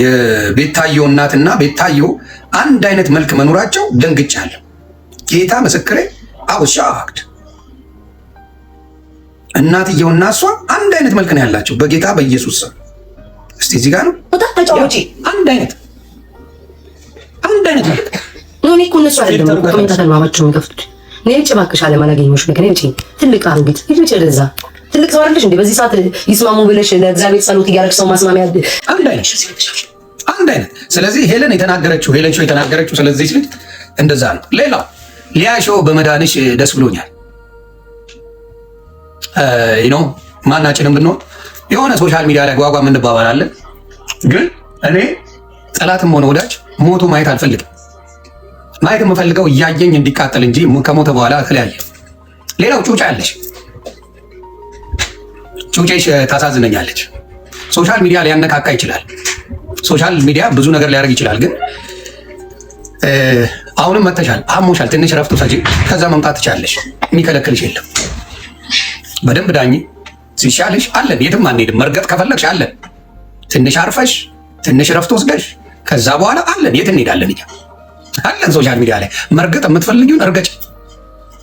የቤታዮ እናትና ቤታዮ አንድ አይነት መልክ መኖራቸው ደንግጫለሁ። ጌታ ምስክሬ አውሻክድ እናትየውና እሷ አንድ አይነት መልክ ነው ያላቸው በጌታ በኢየሱስ ስም። እስቲ እዚህ ጋር ነው አንድ አይነት አንድ አይነት መልክ እኔ እኮ እነሱ አይደለም ኮሜንታተር ማማቸውን ከፍቱት። ነጭ ጭባክሻ ለማን አገኘሁሽ? ነገር ጭ ትልቅ አሮጊት ልጅ ወደዛ ትልቅ ሰው አይደለሽ እንዴ? በዚህ ሰዓት ይስማሙ ብለሽ ለእግዚአብሔር ጸሎት እያደረግሽ ሰው ማስማሚያ አንድ አይነት አንድ አይነት። ስለዚህ ሄለን የተናገረችው ሄለን ሾው የተናገረችው ስለዚህ ሲል እንደዛ ነው። ሌላው ሊያ ሾው በመዳንሽ ደስ ብሎኛል። ይኖ ማናችንም ብንሆን የሆነ ሶሻል ሚዲያ ላይ ጓጓ እንባባላለን፣ ግን እኔ ጠላትም ሆነ ወዳጅ ሞቶ ማየት አልፈልግም። ማየት የምፈልገው እያየኝ እንዲቃጠል እንጂ ከሞተ በኋላ ተለያየ። ሌላው ጩጫ ያለሽ ጩጬሽ ታሳዝነኛለች። ሶሻል ሚዲያ ሊያነካካ ይችላል። ሶሻል ሚዲያ ብዙ ነገር ሊያደርግ ይችላል። ግን አሁንም መተሻል፣ አሞሻል፣ ትንሽ ረፍት ውሰጂ፣ ከዛ መምጣት ትቻለሽ። የሚከለክልሽ የለም። በደንብ ዳኝ። ሲሻልሽ አለን፣ የትም አንሄድም። መርገጥ ከፈለግሽ አለን። ትንሽ አርፈሽ፣ ትንሽ ረፍት ወስደሽ ከዛ በኋላ አለን። የት እንሄዳለን? እኛ አለን። ሶሻል ሚዲያ ላይ መርገጥ የምትፈልጊውን እርገጭ።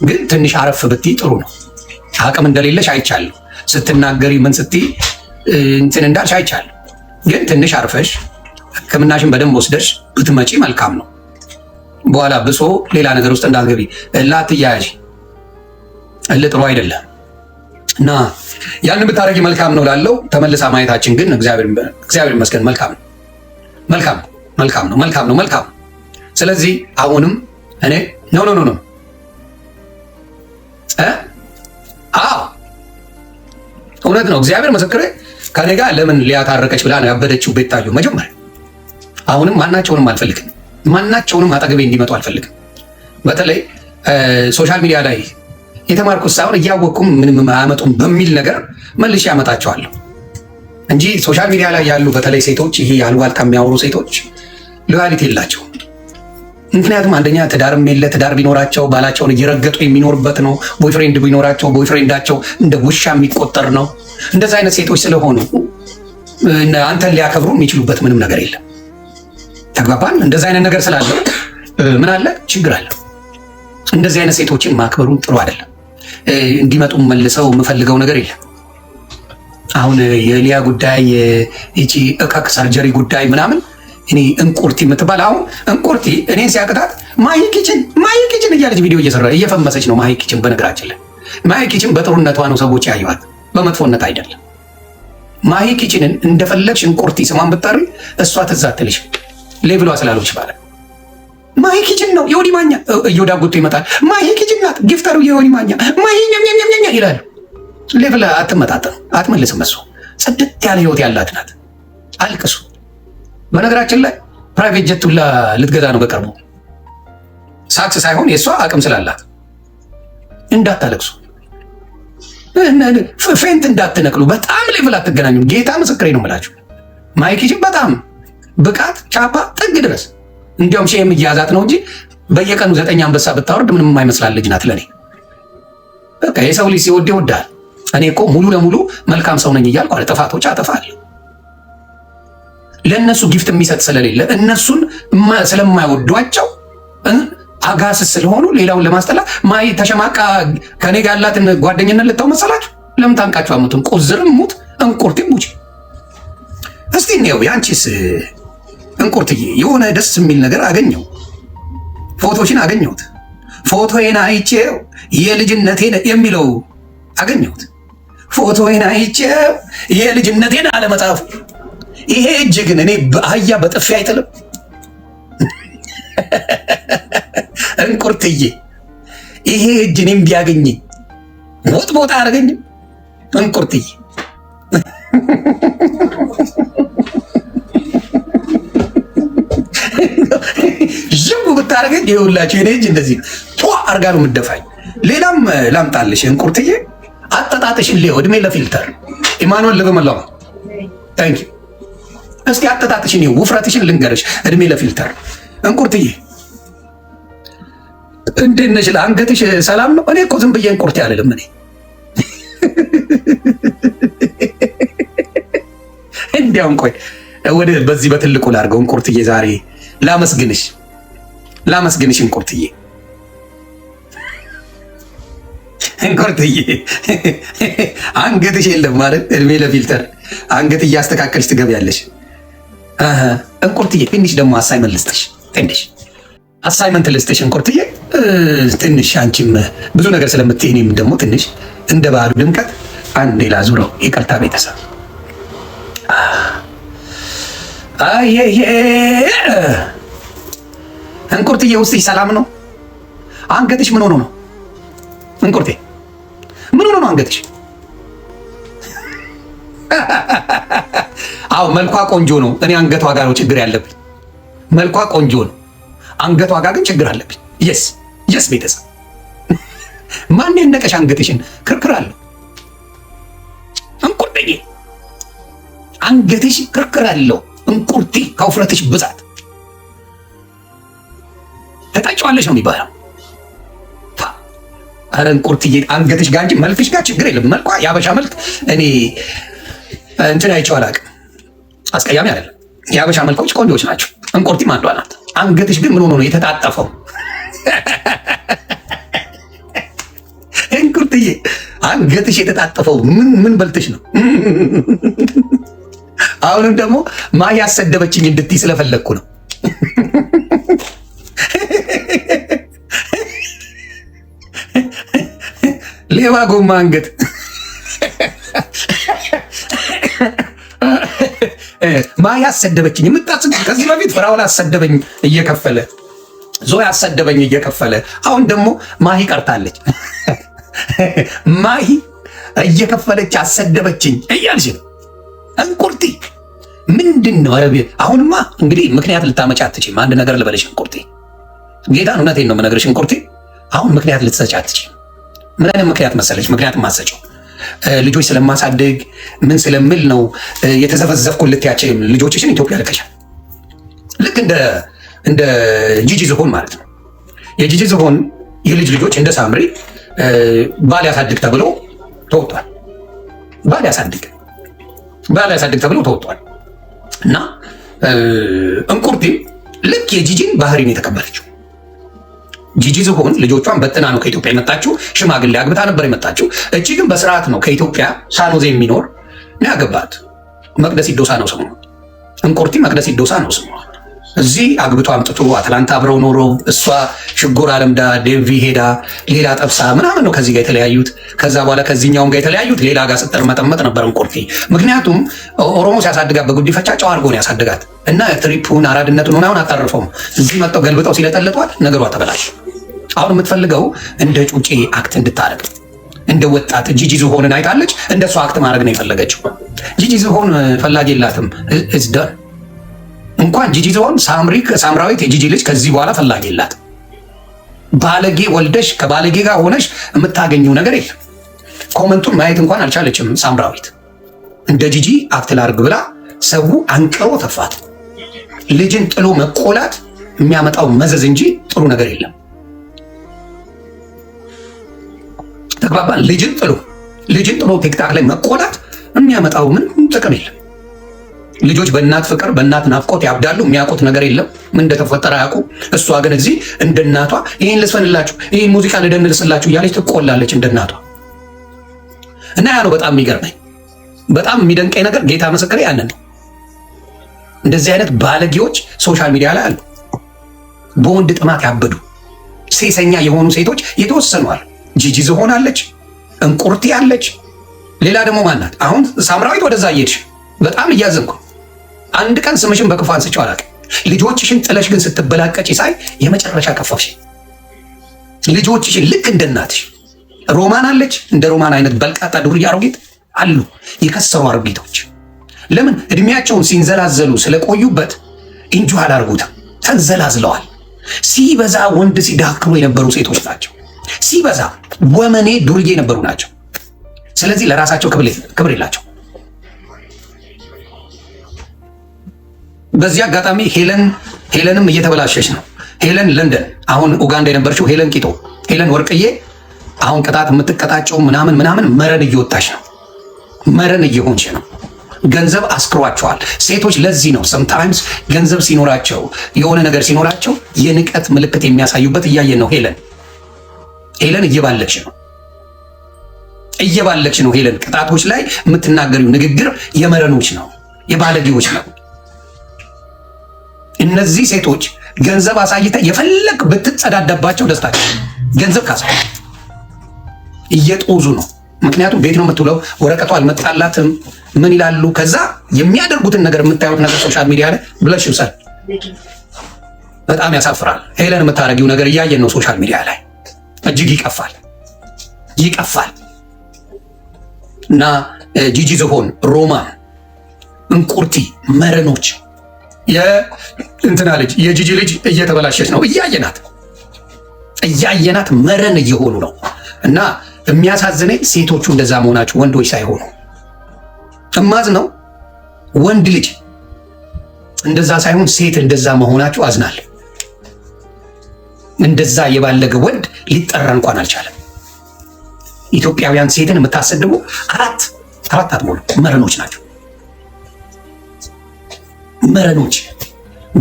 ግን ትንሽ አረፍ ብትይ ጥሩ ነው። አቅም እንደሌለሽ አይቻለሁ። ስትናገሪ ምን ስትይ እንትን እንዳልሽ አይቻል። ግን ትንሽ አርፈሽ ህክምናሽን በደንብ ወስደሽ ብትመጪ መልካም ነው። በኋላ ብሶ ሌላ ነገር ውስጥ እንዳትገቢ። እልህ አትያያዥ። እልህ ጥሩ አይደለም እና ያንን ብታደርጊ መልካም ነው ላለው ተመልሳ ማየታችን ግን እግዚአብሔር ይመስገን መልካም ነው። መልካም መልካም ነው። መልካም ነው። መልካም ስለዚህ አሁንም እኔ ኖ ኖ ኖ ኖ አዎ እውነት ነው። እግዚአብሔር ምስክሬ ከኔ ጋር ለምን ሊያታረቀች ብላ ነው ያበደችው ቤታየሁ መጀመሪያ። አሁንም ማናቸውንም አልፈልግም፣ ማናቸውንም አጠገቤ እንዲመጡ አልፈልግም። በተለይ ሶሻል ሚዲያ ላይ የተማርኩት ሳይሆን እያወቅኩም ምንም አያመጡም በሚል ነገር መልሼ ያመጣቸዋለሁ እንጂ ሶሻል ሚዲያ ላይ ያሉ በተለይ ሴቶች፣ ይሄ አሉባልታ የሚያወሩ ሴቶች ሎያሊቲ የላቸው ምክንያቱም አንደኛ ትዳርም የለ፣ ትዳር ቢኖራቸው ባላቸውን እየረገጡ የሚኖርበት ነው። ቦይፍሬንድ ቢኖራቸው ቦይፍሬንዳቸው እንደ ውሻ የሚቆጠር ነው። እንደዚህ አይነት ሴቶች ስለሆኑ አንተን ሊያከብሩ የሚችሉበት ምንም ነገር የለም። ተግባባን። እንደዚህ አይነት ነገር ስላለው ምን አለ ችግር አለ። እንደዚህ አይነት ሴቶችን ማክበሩን ጥሩ አይደለም። እንዲመጡ መልሰው የምፈልገው ነገር የለም። አሁን የሊያ ጉዳይ ይቺ እቀቅ ሰርጀሪ ጉዳይ ምናምን እኔ እንቁርቲ የምትባል አሁን እንቁርቲ እኔን ሲያቅታት ማሂ ኪችን ማሂ ኪችን እያለች ቪዲዮ እየሰራ እየፈመሰች ነው። ማሂ ኪችን በነገራችን ላይ ማሂ ኪችን በጥሩነቷ ነው ሰዎች ያዩዋት። በመጥፎነት አይደለም። ማሂ ኪችንን እንደፈለግሽ ሽንኩርት ስሟን ብታሪ እሷ ትዛትልሽ ሌብሏ ስላሎች ባለ ነው። ማሂ ኪችን ነው የወዲ ማኛ እየወዳ ጉቶ ይመጣል። ማሂ ኪችን ናት ጊፍተሩ የወዲ ማኛ ማሂ ኛኛኛኛ ይላሉ። ሌብላ አትመጣጠም አትመልስም። እሷ ጽድት ያለ ህይወት ያላት ናት። አልቅሱ። በነገራችን ላይ ፕራይቬት ጀቱላ ልትገዛ ነው በቅርቡ ሳክስ ሳይሆን የእሷ አቅም ስላላት እንዳታለቅሱ። ፌንት እንዳትነቅሉ። በጣም ሌቭል አትገናኙ። ጌታ ምስክሬ ነው የምላችሁ። ማይኪሽን በጣም ብቃት ቻፓ ጥግ ድረስ እንዲያውም ሼም እያዛት ነው እንጂ በየቀኑ ዘጠኝ አንበሳ ብታወርድ ምንም የማይመስላል ልጅ ናት ለእኔ። በቃ የሰው ልጅ ሲወድ ይወዳል። እኔ እኮ ሙሉ ለሙሉ መልካም ሰው ነኝ እያልኩ ጥፋቶች አጠፋለሁ። ለእነሱ ጊፍት የሚሰጥ ስለሌለ እነሱን ስለማይወዷቸው አጋስ ስለሆኑ ሌላውን ለማስጠላት ማይ ተሸማቃ ከኔ ጋር ያላትን ጓደኝነት ልታው መሰላችሁ? ለምን ታንቃችሁ አሙትም ቁዝርም ሙት እንቁርት ሙች። እስቲ እኔው ያንቺስ እንቁርትዬ የሆነ ደስ የሚል ነገር አገኘው። ፎቶሽን አገኘሁት። ፎቶዬን አይቼው የልጅነቴን የሚለው አገኘሁት። ፎቶዬን አይቼው የልጅነቴን አለመጻፉ ይሄ እጅ ግን እኔ አህያ በጥፊ አይጥልም። እንቁርትዬ ይሄ እጅ እኔም ቢያገኝ ወጥ ቦታ አደረገኝ። እንቁርትዬ ዝም ብታደረገኝ ይኸውላችሁ፣ የኔ እጅ እንደዚህ ቷ አርጋ ነው የምደፋኝ። ሌላም ላምጣልሽ እንቁርትዬ፣ አጠጣጥሽን ሌው እድሜ ለፊልተር ኢማኑኤል ልግመለማ ታንኪ። እስኪ አጠጣጥሽን ውፍረትሽን ልንገርሽ እድሜ ለፊልተር እንቁርትዬ እንዴት ነሽ? አንገትሽ ሰላም ነው? እኔ እኮ ዝም ብዬ እንቁርቴ አልልም። እኔ እንዲያውም ቆይ ወደ በዚህ በትልቁ ላድርገው። እንቁርትዬ ዛሬ ላመስግንሽ፣ ላመስግንሽ እንቁርትዬ፣ እንቁርትዬ አንገትሽ የለም ማለት እድሜ ለፊልተር አንገት እያስተካከልሽ ትገቢያለሽ። እንቁርትዬ ትንሽ ደግሞ አሳይ መልስትሽ ትንሽ አሳይመንት ለስቴሽን ኮርትዬ ትንሽ አንቺም ብዙ ነገር ስለምትይ እኔም ደግሞ ትንሽ እንደ ባህሉ ድምቀት ላ ላዙረው። ይቅርታ ቤተሰብ። እንቁርትዬ ውስጥ ሰላም ነው? አንገትሽ ምን ሆኖ ነው? እንቁርቴ ምን ሆኖ ነው አንገትሽ? አዎ መልኳ ቆንጆ ነው። እኔ አንገቷ ጋር ነው ችግር ያለብኝ። መልኳ ቆንጆ ነው። አንገቷ ጋር ግን ችግር አለብኝ። የስ የስ ቤተሰብ ማን የነቀሽ አንገትሽን? ክርክር አለ እንቁርጥዬ፣ አንገትሽ ክርክር አለው እንቁርቲ ከውፍረትሽ ብዛት ተጣጭዋለሽ ነው የሚባለው። አረ እንቁርትዬ አንገትሽ ጋር እንጂ መልክሽ ጋር ችግር የለም። መልኳ የአበሻ መልክ እኔ እንትን አይቼው አላውቅም። አስቀያሚ አይደለም። የአበሻ መልኮች ቆንጆች ናቸው። እንቁርቲም አንዷ ናት። አንገትሽ ግን ምን ሆኖ ነው የተጣጠፈው? እንቁርጥዬ አንገትሽ የተጣጠፈው ምን ምን በልተሽ ነው? አሁንም ደግሞ ማ ያሰደበችኝ እንድትይ ስለፈለግኩ ነው። ሌባ ጎማ አንገት ማይ አሰደበችኝ የምታስብ ከዚህ በፊት ፍራውን አሰደበኝ እየከፈለ ዞይ አሰደበኝ እየከፈለ አሁን ደግሞ ማሂ ቀርታለች። ማሂ እየከፈለች አሰደበችኝ እያልሽ ነው እንቁርቲ ምንድን ነው? አሁንማ እንግዲህ ምክንያት ልታመጫ አትችይም። አንድ ነገር ልበለሽ እንቁርቲ፣ ጌታን እውነቴን ነው የምነግርሽ እንቁርቲ፣ አሁን ምክንያት ልትሰጪ አትችይም። ምን አይነት ምክንያት መሰለች? ምክንያት ማሰጨው ልጆች ስለማሳደግ ምን ስለምል ነው የተዘፈዘፍኩን ልትያቸው ልጆችሽን ኢትዮጵያ ልከሻል። ልክ እንደ ጂጂ ዝሆን ማለት ነው። የጂጂ ዝሆን የልጅ ልጆች እንደ ሳምሪ ባል ያሳድግ ተብሎ ተወጥቷል። ባል ያሳድግ ባል ያሳድግ ተብሎ ተወጥቷል። እና እንቁርቲም ልክ የጂጂን ባህሪን የተቀበለችው ጂጂ ዝሆን ልጆቿን በትና ነው ከኢትዮጵያ የመጣችው። ሽማግሌ አግብታ ነበር የመጣችው። እቺ ግን በስርዓት ነው ከኢትዮጵያ ሳኖዜ የሚኖር ነው ያገባት። መቅደስ ይዶሳ ነው ስሟ። እንቁርቲ መቅደስ ይዶሳ ነው ስሟ። እዚህ አግብቶ አምጥቶ አትላንታ አብረው ኖሮ እሷ ሽጉር አለምዳ ዴንቪ ሄዳ ሌላ ጠብሳ ምናምን ነው ከዚህ ጋር የተለያዩት። ከዛ በኋላ ከዚህኛውም ጋር የተለያዩት ሌላ ጋር ስጠር መጠመጥ ነበር እንቁርቴ። ምክንያቱም ኦሮሞ ሲያሳድጋት በጉዲፈቻ ጨው አድርጎ ነው ያሳድጋት እና ትሪፑን አራድነቱን ምናምን አጣርፈውም እዚህ መጥተው ገልብጠው ሲለጠልጧት ነገሯ ተበላሽ። አሁን የምትፈልገው እንደ ጩጬ አክት እንድታረግ እንደ ወጣት ጂጂ ዝሆንን አይታለች። እንደ እሷ አክት ማድረግ ነው የፈለገችው። ጂጂ ዝሆን ፈላጊ የላትም። እንኳን ጂጂ ሳምሪ ሳምራዊት የጂጂ ልጅ ከዚህ በኋላ ፈላጊ የላት። ባለጌ ወልደሽ ከባለጌ ጋር ሆነሽ የምታገኘው ነገር የለም። ኮመንቱን ማየት እንኳን አልቻለችም ሳምራዊት። እንደ ጂጂ አክት ላድርግ ብላ ሰው አንቅሮ ተፋት። ልጅን ጥሎ መቆላት የሚያመጣው መዘዝ እንጂ ጥሩ ነገር የለም። ተግባባን። ልጅን ጥሎ ልጅን ጥሎ ቲክታክ ላይ መቆላት የሚያመጣው ምን ጥቅም የለም። ልጆች በእናት ፍቅር በእናት ናፍቆት ያብዳሉ። የሚያውቁት ነገር የለም፣ ምን እንደተፈጠረ አያውቁ። እሷ ግን እዚህ እንደ እናቷ ይህን ልስፈንላችሁ፣ ይህን ሙዚቃ ልደንልስላችሁ እያለች ትቆላለች እንደ እናቷ። እና ያ ነው በጣም የሚገርመኝ፣ በጣም የሚደንቀኝ ነገር ጌታ መሰከረ ያንን ነው። እንደዚህ አይነት ባለጌዎች ሶሻል ሚዲያ ላይ አሉ። በወንድ ጥማት ያበዱ ሴሰኛ የሆኑ ሴቶች የተወሰኗል። ጂጂ ዝሆን አለች፣ እንቁርቲ አለች። ሌላ ደግሞ ማናት? አሁን ሳምራዊት ወደዛ እየሄድሽ በጣም እያዘንኩ አንድ ቀን ስምሽን በክፉ አንስቼው አላውቅም። ልጆችሽን ጥለሽ ግን ስትበላቀጭ ሳይ የመጨረሻ ከፋፍሽ ልጆችሽን ልክ እንደ እናትሽ ሮማን አለች፣ እንደ ሮማን አይነት በልቃጣ ዱርዬ አሮጊት አሉ። የከሰሩ አሮጊቶች ለምን እድሜያቸውን ሲንዘላዘሉ ስለቆዩበት እንጂ አላርጉትም። ተንዘላዝለዋል። ሲበዛ ወንድ ሲዳክሉ የነበሩ ሴቶች ናቸው። ሲበዛ ወመኔ ዱርዬ የነበሩ ናቸው። ስለዚህ ለራሳቸው ክብር የላቸው በዚህ አጋጣሚ ሄለን ሄለንም እየተበላሸች ነው። ሄለን ለንደን አሁን ኡጋንዳ የነበረችው ሄለን ቂጦ፣ ሄለን ወርቅዬ አሁን ቅጣት የምትቀጣጨው ምናምን ምናምን መረን እየወጣች ነው። መረን እየሆንች ነው። ገንዘብ አስክሯቸዋል። ሴቶች ለዚህ ነው ሰምታይምስ ገንዘብ ሲኖራቸው የሆነ ነገር ሲኖራቸው የንቀት ምልክት የሚያሳዩበት እያየን ነው። ሄለን ሄለን እየባለች ነው እየባለች ነው። ሄለን ቅጣቶች ላይ የምትናገሪው ንግግር የመረኖች ነው፣ የባለጌዎች ነው። እነዚህ ሴቶች ገንዘብ አሳይተህ የፈለግ ብትጸዳደባቸው ደስታቸው ገንዘብ ካሳ እየጦዙ ነው። ምክንያቱም ቤት ነው የምትውለው፣ ወረቀቱ አልመጣላትም። ምን ይላሉ? ከዛ የሚያደርጉትን ነገር የምታዩት ነገር ሶሻል ሚዲያ ላይ ብለሽ ይውሰል። በጣም ያሳፍራል። ሄለን የምታደርጊው ነገር እያየን ነው ሶሻል ሚዲያ ላይ እጅግ ይቀፋል፣ ይቀፋል። እና ጂጂ ዝሆን፣ ሮማን፣ እንቁርቲ መረኖች የእንትና ልጅ የጂጂ ልጅ እየተበላሸች ነው። እያየናት እያየናት መረን እየሆኑ ነው። እና የሚያሳዝነኝ ሴቶቹ እንደዛ መሆናቸው ወንዶች ሳይሆኑ እማዝ ነው። ወንድ ልጅ እንደዛ ሳይሆን ሴት እንደዛ መሆናቸው አዝናል። እንደዛ የባለገ ወንድ ሊጠራ እንኳን አልቻለም። ኢትዮጵያውያን ሴትን የምታሰድቡ አራት አራት አትሞሉ መረኖች ናቸው። መረኖች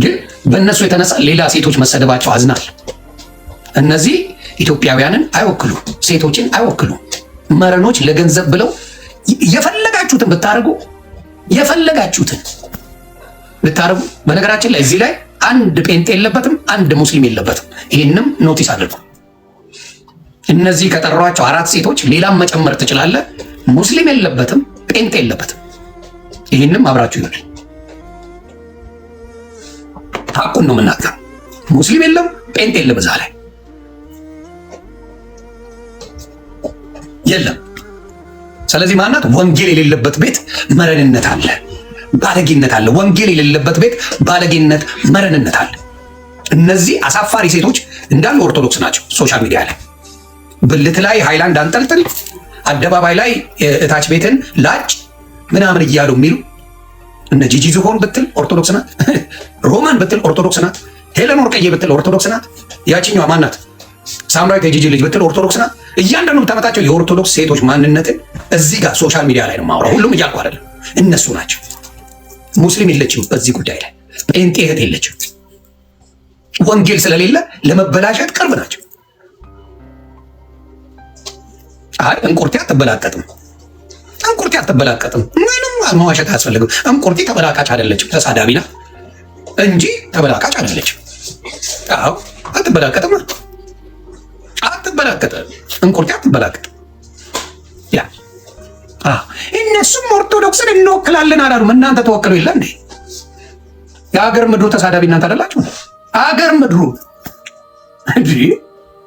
ግን በእነሱ የተነሳ ሌላ ሴቶች መሰደባቸው አዝናል። እነዚህ ኢትዮጵያውያንን አይወክሉ፣ ሴቶችን አይወክሉ። መረኖች ለገንዘብ ብለው የፈለጋችሁትን ብታደርጉ የፈለጋችሁትን ብታደርጉ። በነገራችን ላይ እዚህ ላይ አንድ ጴንጤ የለበትም፣ አንድ ሙስሊም የለበትም። ይህንም ኖቲስ አድርጉ። እነዚህ ከጠሯቸው አራት ሴቶች ሌላም መጨመር ትችላለህ። ሙስሊም የለበትም፣ ጴንጤ የለበትም። ይህንም አብራችሁ ይሆናል። ሀቁን ነው የምናገረው። ሙስሊም የለም ጴንጤ የለም እዛ ላይ የለም። ስለዚህ ማናት ወንጌል የሌለበት ቤት መረንነት አለ፣ ባለጌነት አለ። ወንጌል የሌለበት ቤት ባለጌነት፣ መረንነት አለ። እነዚህ አሳፋሪ ሴቶች እንዳሉ ኦርቶዶክስ ናቸው። ሶሻል ሚዲያ ላይ ብልት ላይ ሃይላንድ አንጠልጥል፣ አደባባይ ላይ እታች ቤትን ላጭ ምናምን እያሉ የሚሉ እነ ጂጂ ዝሆን ብትል ኦርቶዶክስ ናት። ሮማን ብትል ኦርቶዶክስ ናት። ሄለን ወርቅዬ ብትል ኦርቶዶክስ ናት። ያቺኛዋ ማናት? ሳምራዊት የጂጂ ልጅ ብትል ኦርቶዶክስ ናት። እያንዳንዱ የምታመጣቸው የኦርቶዶክስ ሴቶች ማንነትን እዚህ ጋር ሶሻል ሚዲያ ላይ ነው የማወራው። ሁሉም እያልኩ አይደለም፣ እነሱ ናቸው። ሙስሊም የለችም በዚህ ጉዳይ ላይ ጴንጤ እህት የለችም። ወንጌል ስለሌለ ለመበላሸት ቅርብ ናቸው። አይ እንቁርቴ አትበላጠጥም። እንቁርቲ አትበላቀጥም። ምንም መዋሸት አያስፈልግም። እንቁርቲ ተበላቃጭ አይደለችም። ተሳዳቢ ናት እንጂ ተበላቃጭ አይደለችም። አዎ አትበላቀጥም፣ አትበላቀጥም። እንቁርቲ አትበላቀጥም። ያ እነሱም ኦርቶዶክስን እንወክላለን አላሉም። እናንተ ተወክሉ የለ እንዴ? ምድሩ ተሳዳቢ እናንተ አደላችሁ አገር ምድሩ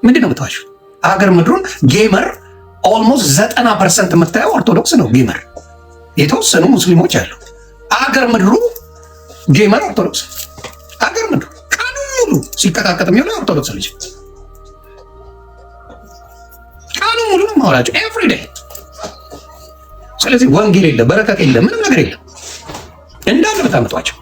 ምንድን ነው የምትዋሹ? አገር ምድሩን ጌመር ኦልሞስት ዘጠና ፐርሰንት የምታየው ኦርቶዶክስ ነው። ጌመር የተወሰኑ ሙስሊሞች አሉ። አገር ምድሩ ጌመር ኦርቶዶክስ አገር ምድሩ ቀኑ ሙሉ ሲቀጣቀጥ የሚሆነ ኦርቶዶክስ ልጅ ቀኑ ሙሉ ነው ማውራቸው ስለዚህ ወንጌል የለ በረከት የለ ምንም ነገር የለም። እንዳለ በታመጧቸው